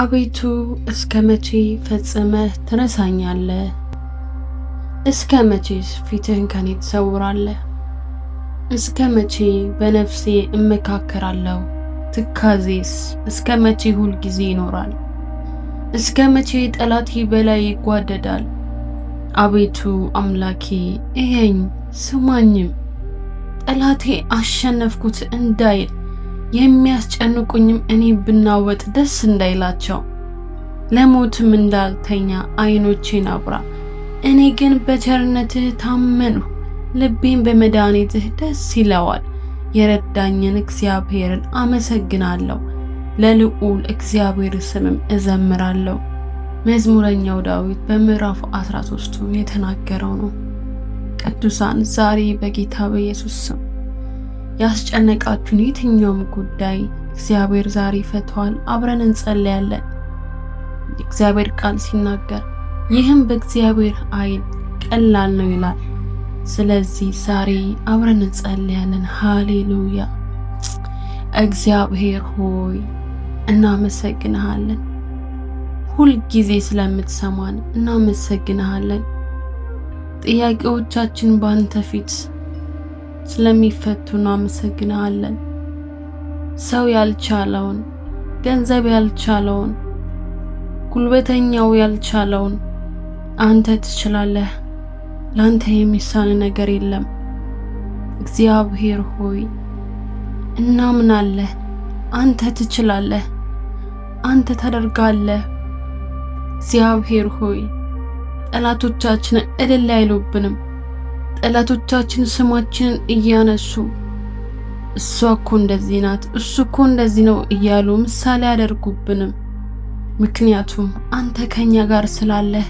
አቤቱ እስከ መቼ ፈጽመህ ትረሳኛለህ? እስከ መቼስ ፊትህን ከኔ ትሰውራለህ? እስከ መቼ በነፍሴ እመካከራለሁ? ትካዜስ እስከ መቼ ሁል ጊዜ ይኖራል? እስከ መቼ ጠላቴ በላይ ይጓደዳል? አቤቱ አምላኬ እየኝ ስማኝም፣ ጠላቴ አሸነፍኩት እንዳይል የሚያስጨንቁኝም እኔ ብናወጥ ደስ እንዳይላቸው ለሞትም እንዳልተኛ አይኖቼን አብራ። እኔ ግን በቸርነትህ ታመንሁ፣ ልቤን በመድኃኒትህ ደስ ይለዋል። የረዳኝን እግዚአብሔርን አመሰግናለሁ፣ ለልዑል እግዚአብሔር ስምም እዘምራለሁ። መዝሙረኛው ዳዊት በምዕራፍ 13ቱ የተናገረው ነው። ቅዱሳን ዛሬ በጌታ በኢየሱስ ስም ያስጨነቃችሁን የትኛውም ጉዳይ እግዚአብሔር ዛሬ ፈቷል። አብረን እንጸለያለን። የእግዚአብሔር ቃል ሲናገር ይህም በእግዚአብሔር ዓይን ቀላል ነው ይላል። ስለዚህ ዛሬ አብረን እንጸልያለን። ሃሌሉያ። እግዚአብሔር ሆይ እናመሰግንሃለን። ሁልጊዜ ስለምትሰማን እናመሰግንሃለን። ጥያቄዎቻችን ባንተ ፊት ስለሚፈቱ እናመሰግንሃለን። ሰው ያልቻለውን፣ ገንዘብ ያልቻለውን፣ ጉልበተኛው ያልቻለውን አንተ ትችላለህ። ላንተ የሚሳን ነገር የለም። እግዚአብሔር ሆይ እናምናለህ። አንተ ትችላለህ፣ አንተ ታደርጋለህ። እግዚአብሔር ሆይ ጠላቶቻችንን እልል አይሉብንም። ጠላቶቻችን ስማችንን እያነሱ እሷ እኮ እንደዚህ ናት፣ እሱ እኮ እንደዚህ ነው እያሉ ምሳሌ አደርጉብንም ምክንያቱም አንተ ከኛ ጋር ስላለህ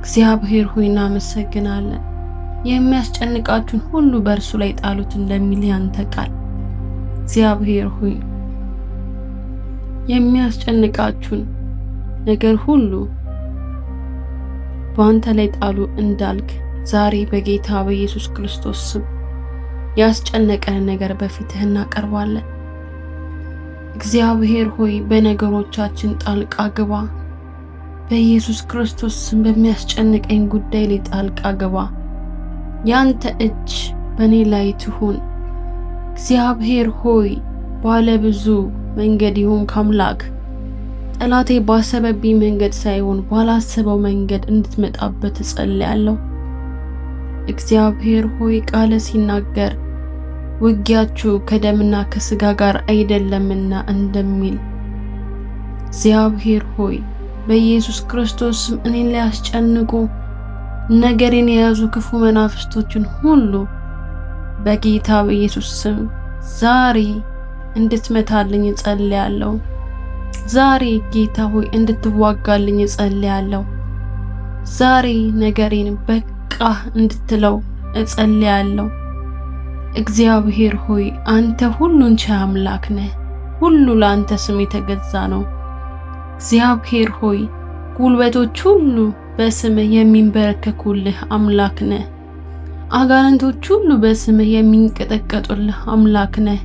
እግዚአብሔር ሆይ እናመሰግናለን። የሚያስጨንቃችሁን ሁሉ በእርሱ ላይ ጣሉት እንደሚል ያንተ ቃል እግዚአብሔር ሆይ የሚያስጨንቃችሁን ነገር ሁሉ በአንተ ላይ ጣሉ እንዳልክ ዛሬ በጌታ በኢየሱስ ክርስቶስ ስም ያስጨነቀንን ነገር በፊትህ እናቀርባለን። እግዚአብሔር ሆይ በነገሮቻችን ጣልቃ ግባ። በኢየሱስ ክርስቶስ ስም በሚያስጨንቀኝ ጉዳይ ላይ ጣልቃ ግባ። ያንተ እጅ በእኔ ላይ ትሁን። እግዚአብሔር ሆይ ባለ ብዙ መንገድ ይሁን ካምላክ ጠላቴ ባሰበብኝ መንገድ ሳይሆን ባላሰበው መንገድ እንድትመጣበት እጸልያለሁ። እግዚአብሔር ሆይ ቃለ ሲናገር ውጊያችሁ ከደምና ከስጋ ጋር አይደለምና እንደሚል እግዚአብሔር ሆይ በኢየሱስ ክርስቶስ ስም እኔን ሊያስጨንቁ ነገሬን የያዙ ክፉ መናፍስቶችን ሁሉ በጌታ በኢየሱስ ስም ዛሬ እንድትመታልኝ እጸልያለሁ። ዛሬ ጌታ ሆይ እንድትዋጋልኝ እጸልያለሁ። ዛሬ ነገሬን በ በቃህ እንድትለው እጸልያለሁ። እግዚአብሔር ሆይ አንተ ሁሉን ቻይ አምላክ ነህ። ሁሉ ለአንተ ስም የተገዛ ነው። እግዚአብሔር ሆይ ጉልበቶች ሁሉ በስምህ የሚንበረከኩልህ አምላክ ነህ። አጋንንቶች ሁሉ በስምህ የሚንቀጠቀጡልህ አምላክ ነህ።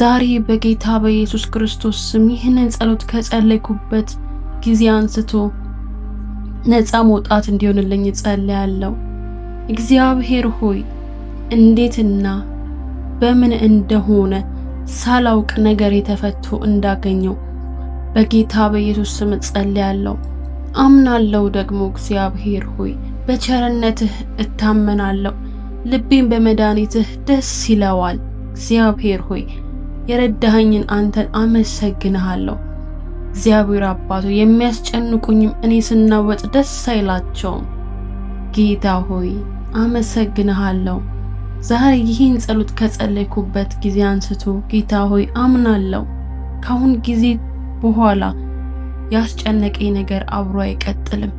ዛሬ በጌታ በኢየሱስ ክርስቶስ ስም ይህንን ጸሎት ከጸለይኩበት ጊዜ አንስቶ ነፃ መውጣት እንዲሆንልኝ እጸልያለሁ። እግዚአብሔር ሆይ እንዴትና በምን እንደሆነ ሳላውቅ ነገር የተፈቶ እንዳገኘው በጌታ በኢየሱስ ስም እጸልያለሁ። አምናለሁ ደግሞ እግዚአብሔር ሆይ በቸርነትህ እታመናለሁ። ልቤን በመድኃኒትህ ደስ ይለዋል። እግዚአብሔር ሆይ የረዳኸኝን አንተን አመሰግንሃለሁ። እግዚአብሔር አባቶ የሚያስጨንቁኝም እኔ ስናወጥ ደስ አይላቸውም። ጌታ ሆይ አመሰግንሃለሁ። ዛሬ ይህን ጸሎት ከጸለይኩበት ጊዜ አንስቶ ጌታ ሆይ አምናለሁ፣ ካሁን ጊዜ በኋላ ያስጨነቀኝ ነገር አብሮ አይቀጥልም።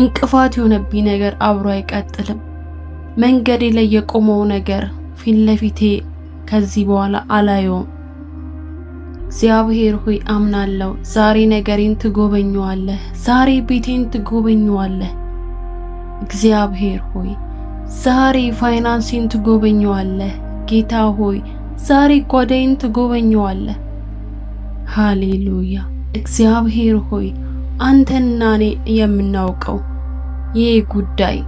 እንቅፋት የሆነብኝ ነገር አብሮ አይቀጥልም። መንገዴ ላይ የቆመው ነገር ፊት ለፊቴ ከዚህ በኋላ አላየውም። እግዚአብሔር ሆይ አምናለሁ፣ ዛሬ ነገሬን ትጎበኘዋለህ፣ ዛሬ ቤቴን ትጎበኘዋለህ። እግዚአብሔር ሆይ ዛሬ ፋይናንሴን ትጎበኘዋለህ። ጌታ ሆይ ዛሬ ጓዳይን ትጎበኘዋለህ። ሃሌሉያ። እግዚአብሔር ሆይ አንተና እኔ የምናውቀው ይህ ጉዳይ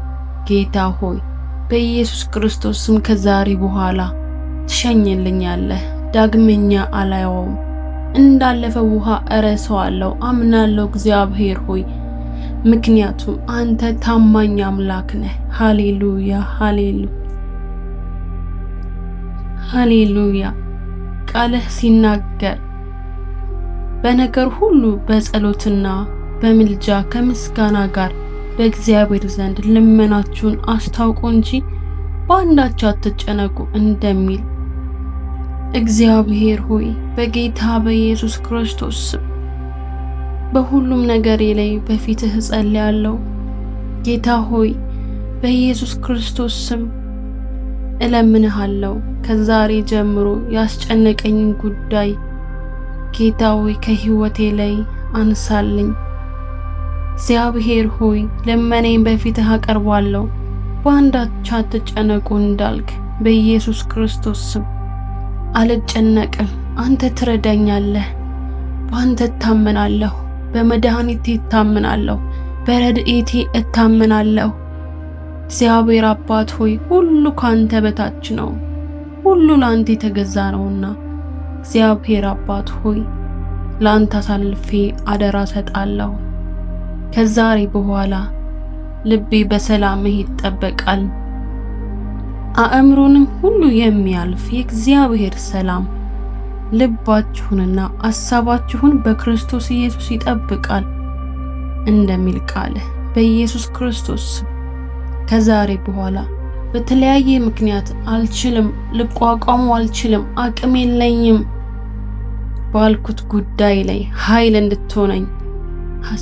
ጌታ ሆይ በኢየሱስ ክርስቶስ ስም ከዛሬ በኋላ ትሸኝልኛለህ፣ ዳግመኛ አላየውም። እንዳለፈው ውሃ እረሳዋለሁ አምናለሁ እግዚአብሔር ሆይ ምክንያቱም አንተ ታማኝ አምላክ ነህ። ሃሌሉያ ሃሌሉ ሃሌሉያ። ቃልህ ሲናገር በነገር ሁሉ በጸሎትና በምልጃ ከምስጋና ጋር በእግዚአብሔር ዘንድ ልመናችሁን አስታውቁ እንጂ በአንዳች አትጨነቁ እንደሚል እግዚአብሔር ሆይ በጌታ በኢየሱስ ክርስቶስ ስም በሁሉም ነገሬ ላይ በፊትህ እጸልያለሁ። ጌታ ሆይ በኢየሱስ ክርስቶስ ስም እለምንሃለሁ። ከዛሬ ጀምሮ ያስጨነቀኝን ጉዳይ ጌታ ሆይ ከህይወቴ ላይ አንሳልኝ። እግዚአብሔር ሆይ ልመናዬን በፊትህ አቀርባለሁ። በአንዳች አትጨነቁ እንዳልክ በኢየሱስ ክርስቶስ ስም አልጨነቅም። አንተ ትረዳኛለህ። በአንተ እታመናለሁ በመድኃኒቴ እታመናለሁ በረድኤቴ እታመናለሁ እግዚአብሔር አባት ሆይ ሁሉ ካንተ በታች ነው፣ ሁሉ ለአንተ የተገዛ ነውና እግዚአብሔር አባት ሆይ ለአንተ አሳልፌ አደራ ሰጣለሁ። ከዛሬ በኋላ ልቤ በሰላም ይጠበቃል። አእምሮንም ሁሉ የሚያልፍ የእግዚአብሔር ሰላም ልባችሁንና አሳባችሁን በክርስቶስ ኢየሱስ ይጠብቃል እንደሚል ቃል በኢየሱስ ክርስቶስ ከዛሬ በኋላ በተለያየ ምክንያት አልችልም፣ ልቋቋሙ አልችልም፣ አቅም የለኝም ባልኩት ጉዳይ ላይ ኃይል እንድትሆነኝ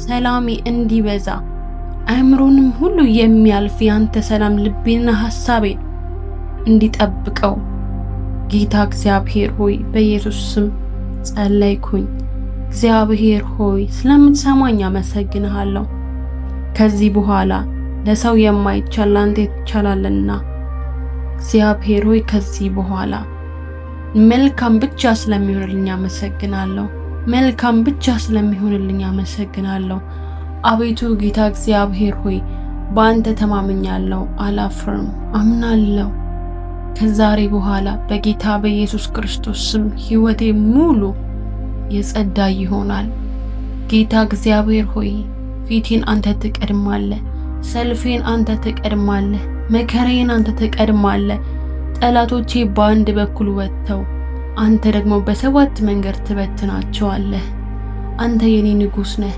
ሰላሜ እንዲበዛ አእምሮንም ሁሉ የሚያልፍ ያንተ ሰላም ልቤና ሀሳቤን እንዲጠብቀው ጌታ እግዚአብሔር ሆይ በኢየሱስ ስም ጸለይኩኝ። እግዚአብሔር ሆይ ስለምትሰማኝ አመሰግንሃለሁ። ከዚህ በኋላ ለሰው የማይቻል አንተ ይቻላልና እግዚአብሔር ሆይ ከዚህ በኋላ መልካም ብቻ ስለሚሆንልኝ አመሰግናለሁ። መልካም ብቻ ስለሚሆንልኝ አመሰግናለሁ። አቤቱ ጌታ እግዚአብሔር ሆይ በአንተ ተማምኛለሁ፣ አላፍርም፣ አምናለሁ። ከዛሬ በኋላ በጌታ በኢየሱስ ክርስቶስ ስም ሕይወቴ ሙሉ የጸዳ ይሆናል። ጌታ እግዚአብሔር ሆይ ፊቴን አንተ ትቀድማለህ፣ ሰልፌን አንተ ትቀድማለህ፣ መከራዬን አንተ ትቀድማለህ። ጠላቶቼ በአንድ በኩል ወጥተው አንተ ደግሞ በሰባት መንገድ ትበትናቸዋለህ። አንተ የኔ ንጉስ ነህ።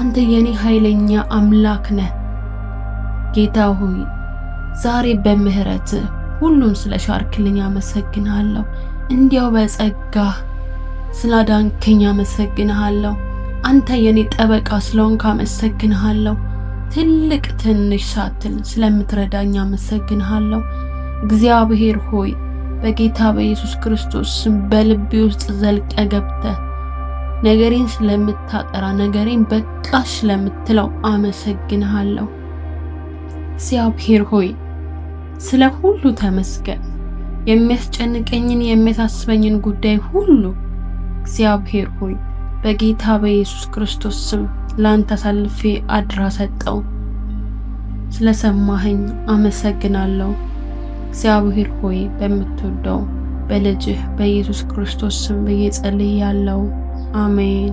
አንተ የኔ ኃይለኛ አምላክ ነህ። ጌታ ሆይ ዛሬ በምህረት ሁሉን ስለ ሻርክልኝ አመሰግንሃለሁ። እንዲያው በጸጋ ስላዳንከኝ አመሰግንሃለሁ። አንተ የኔ ጠበቃ ስለሆንክ አመሰግንሃለሁ። ትልቅ ትንሽ ሳትል ስለምትረዳኝ አመሰግንሃለሁ። እግዚአብሔር ሆይ በጌታ በኢየሱስ ክርስቶስ ስም በልቤ ውስጥ ዘልቀ ገብተ ነገሬን ስለምታጠራ ነገሬን በቃሽ ስለምትለው አመሰግንሃለሁ። እግዚአብሔር ሆይ ስለ ሁሉ ተመስገን። የሚያስጨንቀኝን የሚያሳስበኝን ጉዳይ ሁሉ እግዚአብሔር ሆይ በጌታ በኢየሱስ ክርስቶስ ስም ላንተ አሳልፌ አድራ ሰጠው። ስለሰማኸኝ አመሰግናለሁ። እግዚአብሔር ሆይ በምትወደው በልጅህ በኢየሱስ ክርስቶስ ስም ብዬ ጸልያለሁ። አሜን።